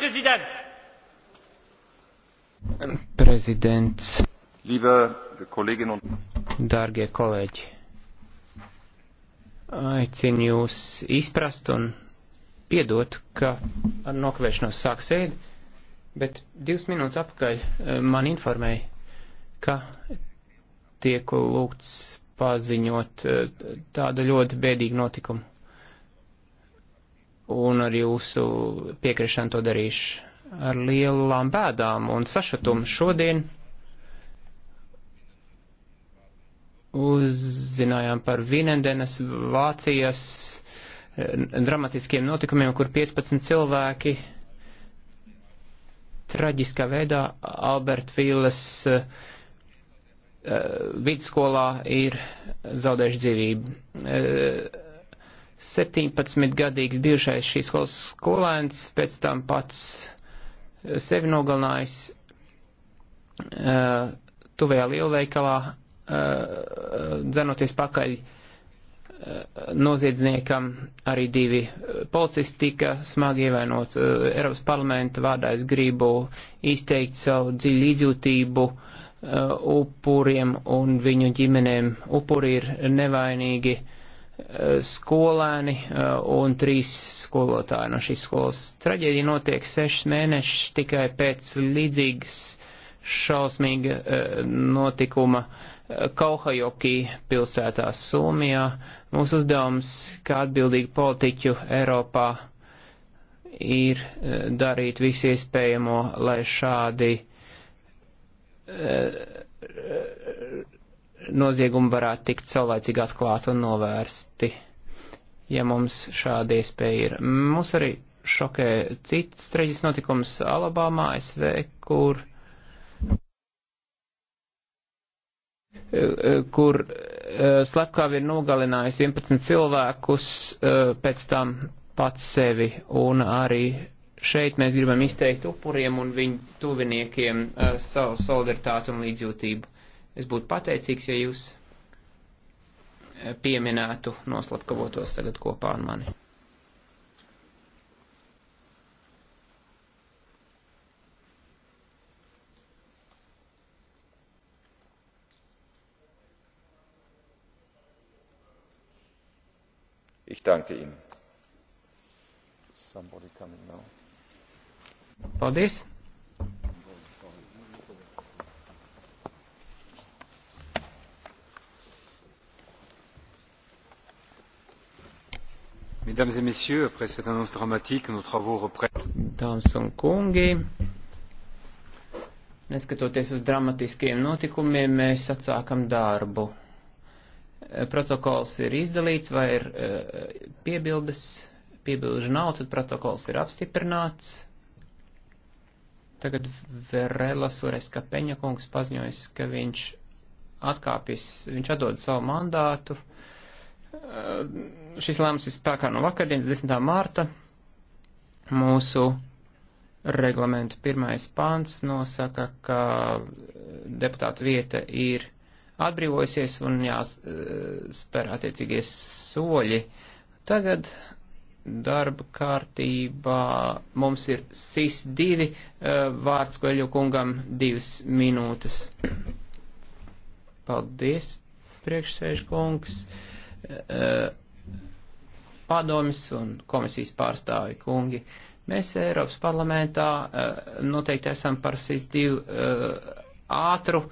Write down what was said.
Präsident! Prezidents. Liebe Kolleginnen und Dārgie kolēģi, aicinu jūs izprast un piedot, ka ar nokavēšanos sāk sēdi, bet divas minūtes apakaļ eh, man informēja, ka tiek lūgts paziņot eh, tādu ļoti bēdīgu notikumu un ar jūsu piekrišanu to darīšu ar lielām bēdām un sašatumu šodien. Uzzinājām par Vinendenes Vācijas eh, dramatiskiem notikumiem, kur 15 cilvēki traģiskā veidā Albertvīles uh, eh, eh, vidusskolā ir zaudējuši dzīvību. Uh, 17-gadīgs bijušais šīs skolas skolēns pēc tam pats eh, sevi nogalinājis uh, eh, tuvējā lielveikalā, uh, dzenoties pakaļ uh, noziedzniekam. Arī divi policisti tika smagi ievainot. Uh, Eiropas parlamenta vārdā es gribu izteikt savu dziļu līdzjūtību uh, upuriem un viņu ģimenēm. Upuri ir nevainīgi. Uh, skolēni eh, un trīs skolotāji no šīs skolas. Traģēdija notiek sešas mēnešus tikai pēc līdzīgas šausmīga eh, notikuma eh, Kauhajoki pilsētā Somijā. Mūsu uzdevums, kā atbildīgi politiķu Eiropā, ir darīt visu iespējamo, lai šādi noziegumi varētu tikt saulēcīgi atklāti un novērsti, ja mums šāda iespēja ir. Mums arī šokē cits traģisks notikums Alabāmā, ASV, kur, kur eh, slepkāvi ir nogalinājis 11 cilvēkus, eh, pēc tam pats sevi un arī šeit mēs gribam izteikt upuriem un viņu tuviniekiem eh, savu solidaritātu un līdzjūtību. Es būtu pateicīgs, ja jūs eh, pieminētu, noslapkavotos tagad kopā ar mani. Ich danke Ihnen. Somebody coming now. Paldies. Mesdames et messieurs, après cette annonce dramatique, nos travaux reprennent. Dāmas un kungi, neskatoties uz dramatiskiem notikumiem, mēs atsākam darbu. Eh, protokols ir izdalīts vai ir eh, piebildes, piebilžu nav, tad protokols ir apstiprināts. Tagad Verelas Ureska Peņakungs paziņojas, ka viņš atkāpjas, viņš atdod savu mandātu. Uh, šis lēmums ir spēkā no vakardienas 10. mārta. Mūsu reglamentu pirmais pāns nosaka, ka eh, deputāta vieta ir atbrīvojusies un jāspēr eh, attiecīgie soļi. Tagad darba kārtībā mums ir SIS 2 eh, vārds Koļu kungam divas minūtes. Paldies, priekšsēžkungs. Uh, padomis un komisijas pārstāvi kungi. Mēs Eiropas parlamentā eh, noteikti esam par SIS-2 eh, ātru